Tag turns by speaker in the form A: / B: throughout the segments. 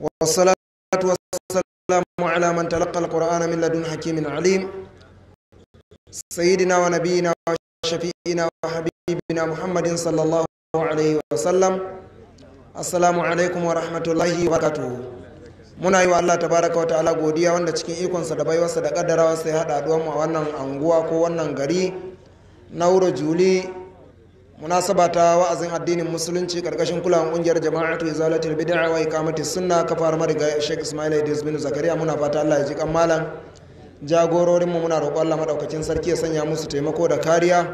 A: والصلاة والسلام على من تلقى القرآن من لدن حكيم عليم سيدنا ونبينا wa وحبيبنا محمد صلى الله عليه وسلم assalamu alaikum wa rahmatullahi wa barakatuhu muna yi wa Allah tabaraka wa ta'ala godiya wanda cikin ikonsa da baiwarsa da kaddarawa sai hada duwan mu a wannan anguwa ko wannan gari na wuro juli munasaba ta wa'azin addinin musulunci karkashin kulawar kungiyar jama'atu izalatul bid'a wa ikamati sunna kafar mariga Sheikh Ismail Idris bin Zakariya muna fata Allah ya ji kan malam jagororin mu muna roƙon Allah madaukakin sarki ya sanya musu taimako da kariya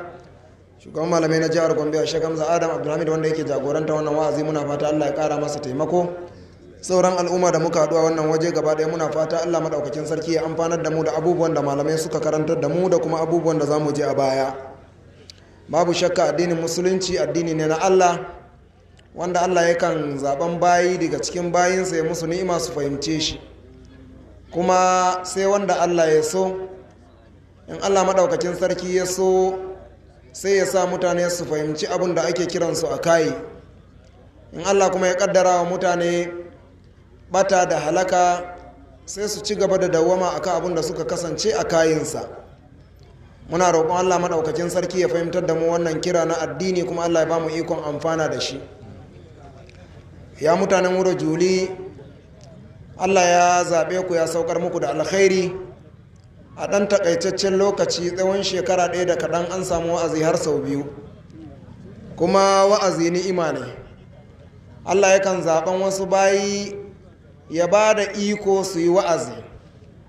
A: shugaban malamai na jihar Gombe Sheikh Hamza Adam Abdulhamid wanda yake jagoranta wannan wa'azi muna fata Allah ya kara masa taimako sauran al'umma da muka haɗuwa a wannan waje gaba ɗaya muna fata Allah madaukakin sarki ya amfanar da mu da abubuwan da malamai suka karantar da mu da kuma abubuwan da za mu je a baya babu shakka addinin musulunci addini ne na allah wanda allah yakan zaben bayi daga cikin bayinsa ya musu ni'ima su fahimce shi kuma sai wanda allah ya so in allah maɗaukacin sarki ya so sai ya sa mutane su fahimci abin da ake kiransu a kayi in allah kuma ya ƙaddara wa mutane bata da halaka sai su ci gaba da dawama akan abin da suka kasance a kayinsa muna roƙon allah maɗaukacin sarki ya fahimtar da mu wannan kira na addini kuma allah ya ba mu ikon amfana da shi ya mutanen wuro juli allah ya zaɓe ku ya saukar muku da alkhairi a ɗan takaitaccen lokaci tsawon shekara ɗaya da kaɗan an samu wa'azi har sau biyu kuma wa'azi ni'ima ne allah yakan zaɓen wasu bayi ya ba da iko su yi wa'azi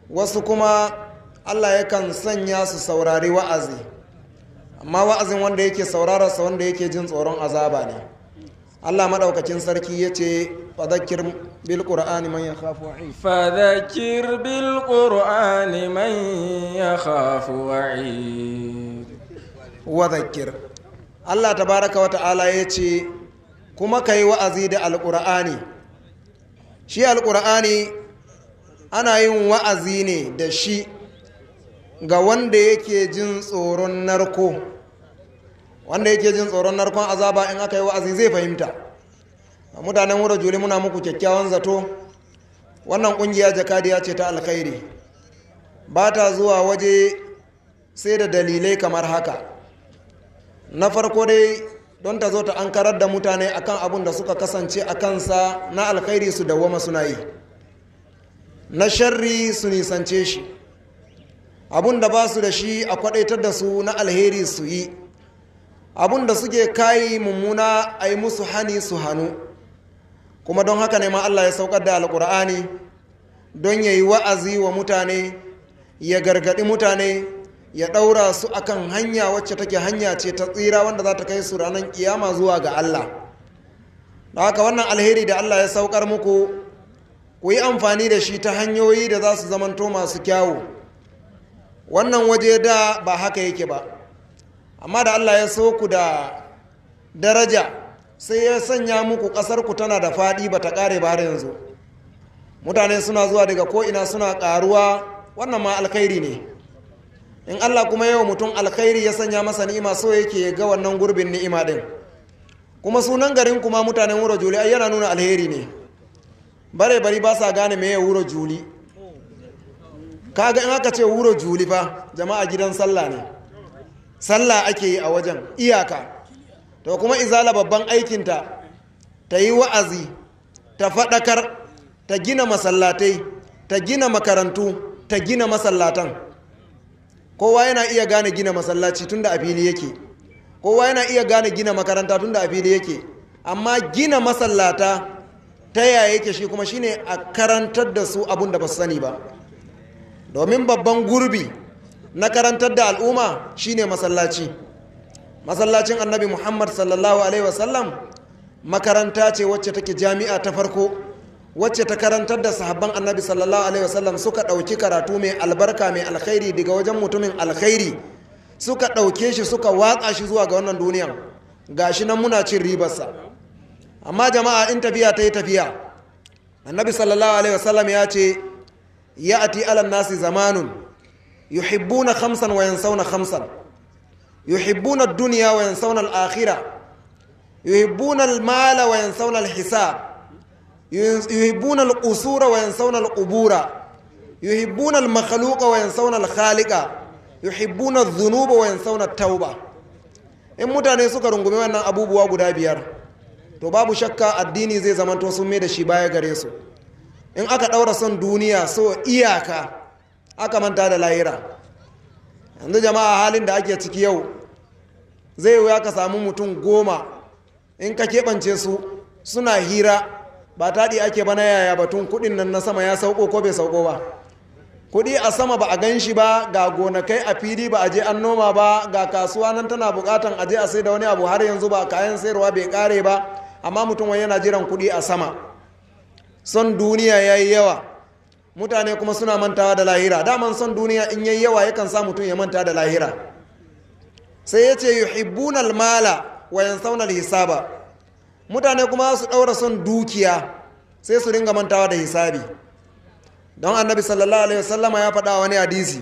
A: wasu kuma allah yakan sanya su saurari wa'azi amma wa'azin wanda yake saurara sa wanda yake jin tsoron azaba ne allah maɗaukacin sarki ya ce fadakir bil qur'ani man yakhafu
B: fadakir
A: bil qur'ani man ya wa'id wa allah tabaraka wa ta'ala ya ce kuma ka yi wa'azi da alƙur'ani shi alƙur'ani ana yin wa'azi ne da shi ga wanda yake jin tsoron narko wanda yake jin tsoron narkon azaba in aka yi wa'azi zai fahimta mutanen wura juli muna muku kyakkyawan zato wannan kungiya jakadiya ce ta alkhairi ba ta zuwa waje sai da dalilai kamar haka na farko dai don ta zo ta an karar da mutane akan abun da suka kasance a kansa na alkhairi su dawwama suna yi na sharri su nisance shi abun da ba su da shi a kwadaitar da su na alheri su yi abun da suke kayi mummuna a yi musu hani su hannu kuma don haka ne ma allah ya saukar da alkur'ani don ya yi wa'azi wa mutane ya gargaɗi mutane ya ɗaura su akan hanya wacce take hanya ce ta tsira wanda za ta kai su ranar kiyama zuwa ga allah da haka wannan alheri da allah ya saukar muku ku yi amfani da shi ta hanyoyi da za su zamanto masu kyawu wannan waje da ba haka yake ba amma da allah ya so ku da daraja sai ya sanya muku ku tana da faɗi ba ta kare ba har yanzu mutane suna zuwa daga ko'ina suna karuwa wannan ma alkhairi ne in allah kuma yau mutum alkhairi ya sanya masa ni'ima so yake ga wannan gurbin ni'ima ɗin kuma sunan garin kuma mutanen wuro juli ai yana nuna alheri ne bare bari ba sa gane me ya wuro juli kaga in aka ce wuro juli ba jama'a gidan sallah ne sallah ake yi a wajen iyaka to kuma izala babban aikinta ta yi wa'azi ta faɗakar ta gina masallatai ta gina makarantu ta gina masallatan kowa yana iya gane gina masallaci tunda da fili yake kowa yana iya gane gina makaranta tunda da fili yake amma gina masallata ta yaya yake shi kuma shine a karantar da su abun da ba su sani ba domin babban gurbi na karantar da al'umma shine masallaci masallacin annabi muhammad sallallahu alaihi wasallam makaranta ce wacce take jami'a ta farko wacce ta karantar da sahabban annabi sallallahu alaihi wasallam suka ɗauki karatu mai albarka mai alkhairi daga wajen mutumin alkhairi suka ɗauke shi suka watsa shi zuwa ga wannan duniyan shi nan muna cin ribarsa amma jama'a in tafiya ta yi tafiya annabi sallallahu alaihi wasallam ya ce ya'ti ala nasi zamanun yuhibbuna khamsan wa yansawna khamsan yuhibbuna ad-dunya wa yansawna al-akhirah yuhibbuna al-mala wa yansawna al-hisab yuhibbuna al-qusura wa yansawna al-qubura yuhibbuna al-makhluqa wa yansawna al-khaliqa yuhibbuna adh-dhunuba wa yansawna at-tauba in mutane suka rungumi wannan abubuwa guda biyar to babu shakka addini zai zamanto sun mai da shi baya gare su in aka ɗaura son duniya so iyaka aka manta da lahira yanzu jama'a halin da ake ciki yau zai wuya ka samu mutum goma in ka keɓance su suna hira ba taɗi ake bana yaya batun kuɗin nan na sama ya sauko ko bai sauko ba kuɗi a sama ba a gan shi ba ga gonakai a fili ba a je an noma ba ga kasuwa nan tana bukatan a je a sai da wani abu har yanzu ba kayan sayarwa bai kare ba amma mutum wani yana jiran kuɗi a sama son duniya ya yi yawa mutane kuma suna mantawa da lahira daman son duniya in yayi yawa yakan sa mutum ya manta da lahira sai ya ce yuhibbuna mala wa saunar hisaba. mutane kuma su daura son dukiya sai su ringa mantawa da hisabi don annabi sallallahu alaihi wasallama ya faɗa wani hadisi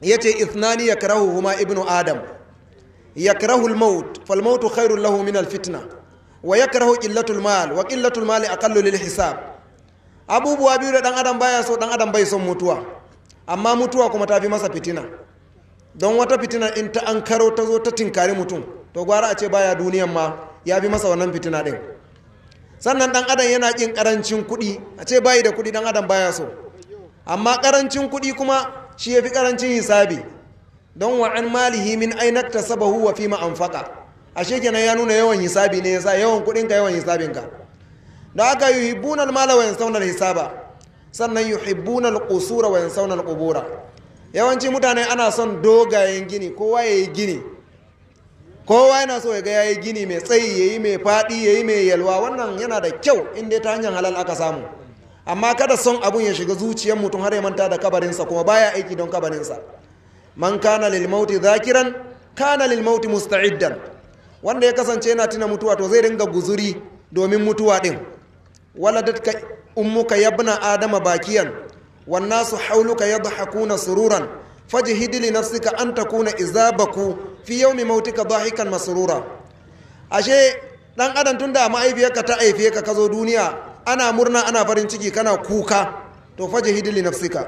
A: ya ce ithnani huma Ibn adam yakrahu almaut falmautu khairun lahu min alfitna wa ya yakrahu ƙillatul mal wa mali mal kallo lil hisab abubuwa biyu da ɗan adam baya so ɗan adam bai son mutuwa amma mutuwa kuma ta fi masa fitina don wata fitina in ta an karo ta zo ta tinkari mutum to gwara a ce baya duniyan ma ya fi masa wannan fitina ɗin sannan ɗan adam yana ƙin ƙarancin kuɗi a ce bayi da kuɗi dan adam baya so amma ƙarancin kuɗi kuma shi ya fi ƙarancin hisabi don wa an malihi min ainakta sabahu wa fi ma anfaka ashe kenan ya nuna yawan hisabi ne yasa yawan kudinka yawan hisabinka da aka yi yuhibbuna almala wa yansawna hisaba. sannan yi yuhibbuna kusura wa yansawna kubura yawanci mutane ana son dogayen gini kowa yi gini kowa yana so ya ga gini mai tsayi ya yi mai fadi yi mai yalwa wannan yana da kyau inda ta hanyar halal aka samu amma kada son abun ya shiga zuciyar mutum har ya manta da kabarinsa kuma baya aiki don kabarinsa man kana lil mauti zakiran kana lil mauti musta'iddan wanda ya kasance yana tuna mutuwa to zai ringa guzuri domin mutuwa din ka ummuka yabna adama bakiyan wan nasu hauluka yadhakuna sururan fajhid li nafsika an takuna izabaku fi yawmi mautika dahikan masrura ashe dan adam tunda mahaifiyarka ta haife ka kazo duniya ana murna ana farin ciki kana kuka to fajhid li nafsika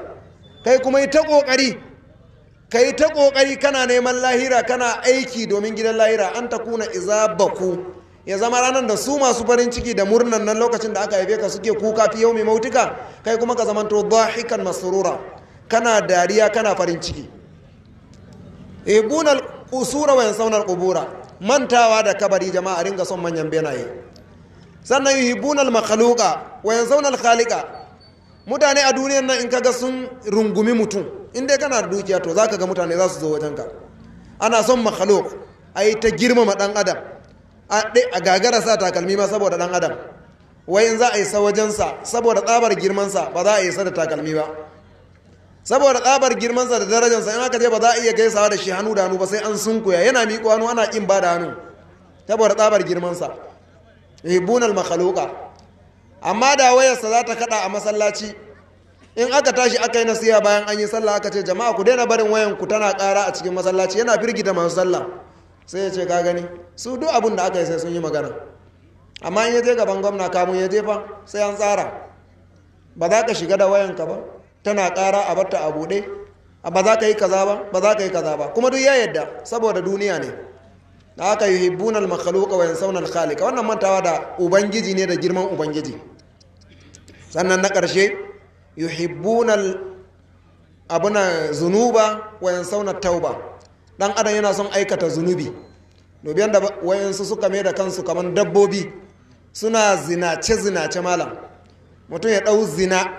A: kai kuma ita kokari ka yi ta ƙoƙari kana neman lahira kana aiki domin gidan lahira an ta kuna iza baku ya zama ranar da su masu farin ciki da murnan nan lokacin da aka haife ka suke kuka fi yau mai mautuka kai kuma ka zamanto dhahikan masurura kana dariya kana farin ciki ibunal usura wa saunar kubura mantawa da kabari jama'a ringa son manyan benaye sannan yuhibunal makhluqa wa saunar khalika mutane a duniyar nan in kaga sun rungumi mutum in dai kana da dukiya to zaka ga mutane za su zo wajen ka ana son makhluk ai ta girmama dan adam a gagara sa takalmi ma saboda dan adam wai in za a isa wajensa saboda tsabar girmansa ba za a sa da takalmi ba saboda tsabar girmansa da darajarsa in aka je ba za a iya gaisawa da shi hannu da hannu ba sai an sunkuya yana miƙo hannu ana ƙin ba da hannu saboda tsabar girmansa yuhibbunal makhluqa amma da wayarsa za ta kada a masallaci in aka tashi aka yi nasiya bayan an yi sallah aka ce jama'a ku daina barin wayan ku tana kara a cikin masallaci yana firgita masu sallah sai ya ce ka gani su duk abin da aka yi sai sun yi magana amma in ya je gaban gwamna kamun ya jefa sai an tsara ba za ka shiga da wayanka ba tana kara a barta a buɗe ba za ka yi kaza ba ba za ka yi kaza ba kuma duk ya yadda saboda duniya ne da aka yi hibbunan makhluqa wayan saunan khaliq wannan mantawa da ubangiji ne da girman ubangiji sannan na ƙarshe yuhibbunal abuna zunuba wayan sauna tauba dan adam yana son aikata zunubi domin da wayansu suka mai da kansu kaman dabbobi suna zinace zinace malam mutum ya ɗau zina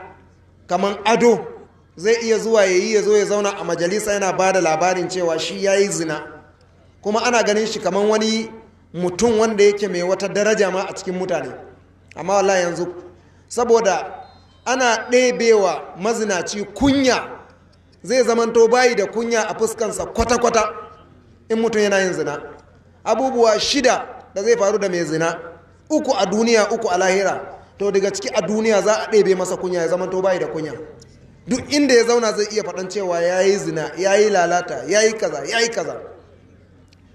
A: kamar ado zai iya zuwa ya yi ya zo ya zauna a majalisa yana ba da labarin cewa shi ya yi zina kuma ana ganin shi kamar wani mutum wanda yake mai wata daraja ma a cikin mutane amma wallahi yanzu saboda ana ɗebewa mazinaci kunya zai zamanto bayi da kunya a fuskansa kwata-kwata in mutum yana yin zina abubuwa shida da zai faru da mai zina uku a duniya uku a lahira to daga ciki a duniya za a ɗebe masa kunya ya zamanto bayi da kunya duk inda ya zauna zai iya faɗan cewa ya yi zina ya yi lalata ya yi kaza ya yi kaza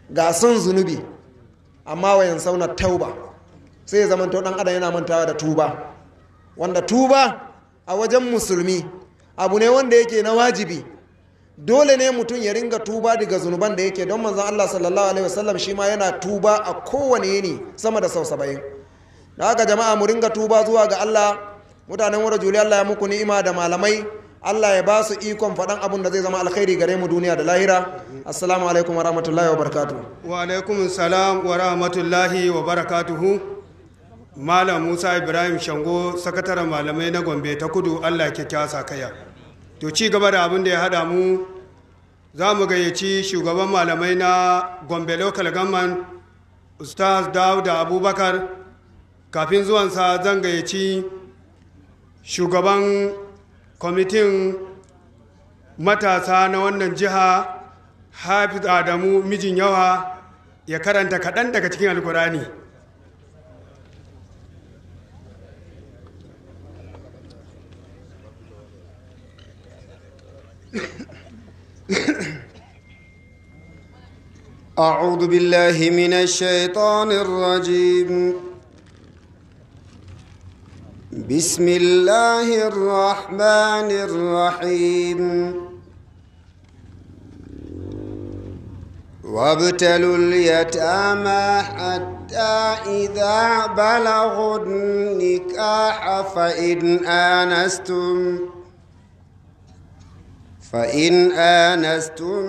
A: ga son zunubi amma wayan sauna tauba sai ya zamanto ɗan adam yana mantawa da tuba wanda tuba a wajen musulmi abu ne wanda yake na wajibi dole ne mutum ya ringa tuba daga zunuban da yake don manzan Allah sallallahu alaihi wasallam shi ma yana tuba a kowane yini sama da sau saba'in da haka jama'a mu ringa tuba zuwa ga Allah mutanen wurin juli Allah ya muku ni'ima da malamai Allah ya ba su ikon faɗan abin da zai zama alkhairi gare mu duniya da lahira assalamu alaikum wa rahmatullahi wa barakatuhu wa alaikum salam wa rahmatullahi wa barakatuhu
C: malam musa ibrahim shango sakataren malamai na gombe ta kudu allah sa kaya. to ci gaba da abin da ya hada mu za mu gayyaci shugaban malamai na gombe local government ustaz da abubakar kafin zuwansa zan gayyaci shugaban kwamitin matasa na wannan jiha hafiz adamu mijin yawa ya karanta kaɗan daga cikin alkurani
B: أعوذ بالله من الشيطان الرجيم بسم الله الرحمن الرحيم وابتلوا اليتامى حتى إذا بلغوا النكاح فإن آنستم فإن آنستم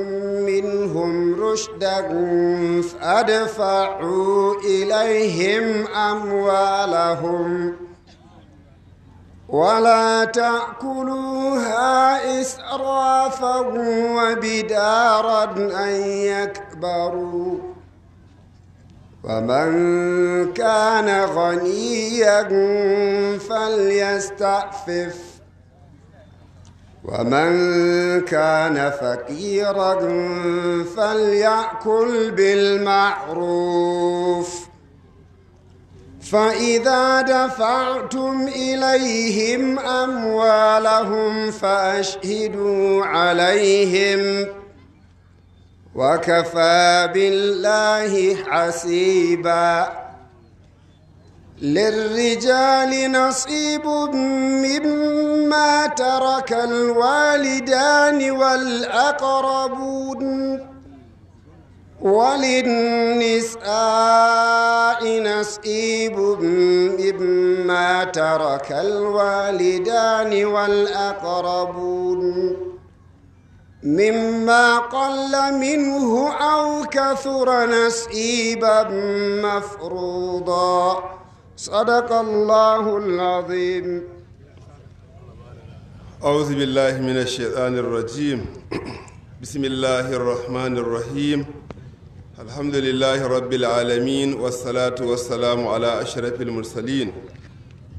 B: منهم رشدا فأدفعوا إليهم أموالهم ولا تأكلوها إسرافا وبدارا أن يكبروا ومن كان غنيا فليستعفف ومن كان فقيرا فليأكل بالمعروف فإذا دفعتم إليهم أموالهم فأشهدوا عليهم وكفى بالله حسيباً للرجال نصيب مما ترك الوالدان والأقربون وللنساء نصيب مما ترك الوالدان والأقربون مما قل منه أو كثر نصيبا مفروضا صدق الله العظيم
C: أعوذ بالله من الشيطان الرجيم بسم الله الرحمن الرحيم الحمد لله رب العالمين والصلاة والسلام على أشرف المرسلين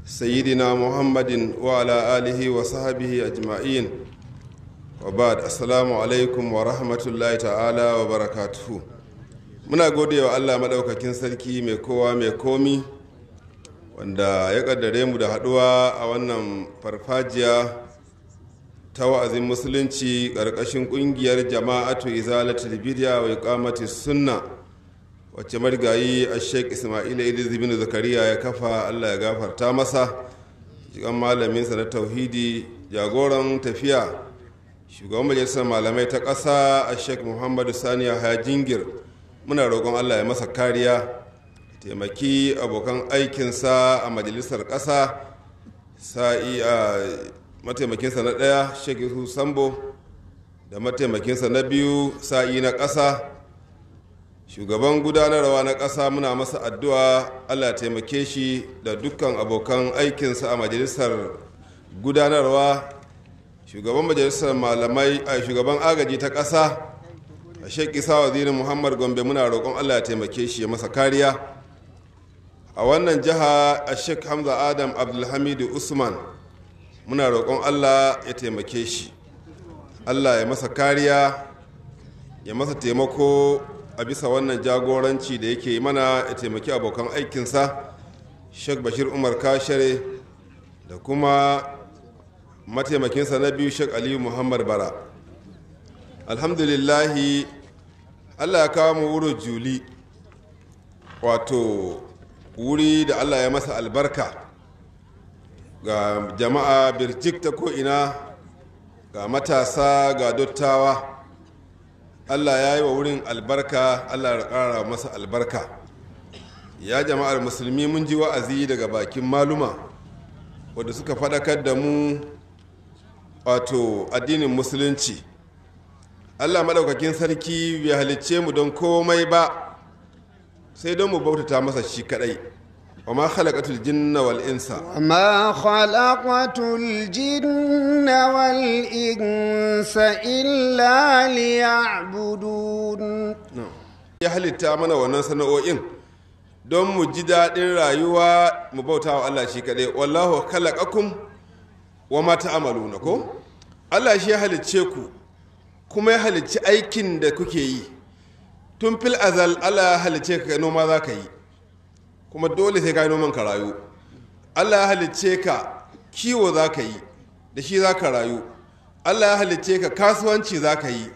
C: سيدنا محمد وعلى آله وصحبه أجمعين وبعد السلام عليكم ورحمة الله تعالى وبركاته muna gode wa allah maɗaukakin sarki mai kowa mai komi wanda ya kaddare mu da haduwa a wannan farfajiya ta wa'azin musulunci ƙarƙashin ƙungiyar jama'atu izalatu bidya wa iqamati sunna wacce marigayi a sheik ismail idris bin zakariya ya kafa allah ya gafarta masa jikan malaminsa na tauhidi jagoran tafiya shugaban majalisar malamai ta ƙasa a sheik muhammadu saniya hajingir muna roƙon allah ya masa kariya taimaki abokan aikinsa a majalisar ƙasa sa'i a mataimakinsa na ɗaya sheikh sambo da mataimakinsa na biyu sa'i na ƙasa shugaban gudanarwa na ƙasa muna masa addu'a allah taimake shi da dukkan abokan aikinsa a majalisar gudanarwa shugaban majalisar malamai a shugaban agaji ta ƙasa a shekisa wazirin muhammad gombe muna roƙon allah taimake shi ya masa kariya a wannan jiha a shek hamza adam abdulhamidu usman muna roƙon allah ya taimake shi allah ya masa kariya ya masa taimako a bisa wannan jagoranci da yake mana ya taimaki abokan aikinsa shek bashir umar kashere da kuma mataimakinsa na biyu shek aliyu muhammad bara alhamdulillahi allah ya kawo mu wuro juli wato wuri da allah ya masa albarka ga jama'a birjik ta ko'ina ga matasa ga dottawa allah ya yi wa wurin albarka allah ya ƙara masa albarka ya jama'ar musulmi mun ji wa'azi daga bakin maluma wadda suka faɗakar da mu wato addinin musulunci allah maɗaukakin sarki bai halicce mu don komai ba sai don mu bautata masa shi kadai وما خلقت الجن والإنس
B: وما خلقت الجن والإنس إلا ليعبدون
C: ya halitta mana wannan sana'o'in don mu ji daɗin rayuwa mu bauta wa Allah shi kaɗai wallahu khalaqakum wa ma ta'maluna ko Allah shi ya halicce ku kuma ya halicci aikin da kuke yi tun fil azal allah ya halice ka noma za ka yi kuma dole sai ka yi noman ka rayu allah ya halice ka kiwo za ka yi da shi za ka rayu allah ya halice ka kasuwanci za ka yi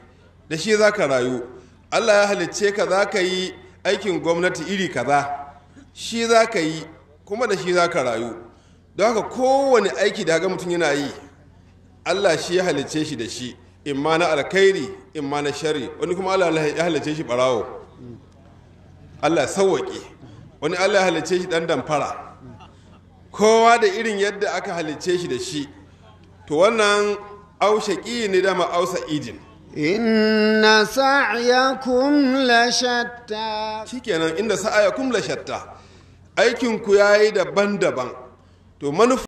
C: da shi za ka rayu allah ya halice ka za ka yi aikin gwamnati iri kaza shi za ka yi kuma da shi za ka rayu don haka kowane aiki da ga mutum yana yi allah shi ya halice shi da shi imma na alkhairi imma na shari wani kuma Allah ya halice shi barawo Allah sawwaki wani Allah ya halice shi dan damfara kowa da irin yadda aka halice shi da shi to wannan aushaki ne dama ausa ijin.
B: inna sa'yakum la shatta
C: shikenan inda sa'yakum la shatta aikin
B: ku yayi daban-daban
C: to manufa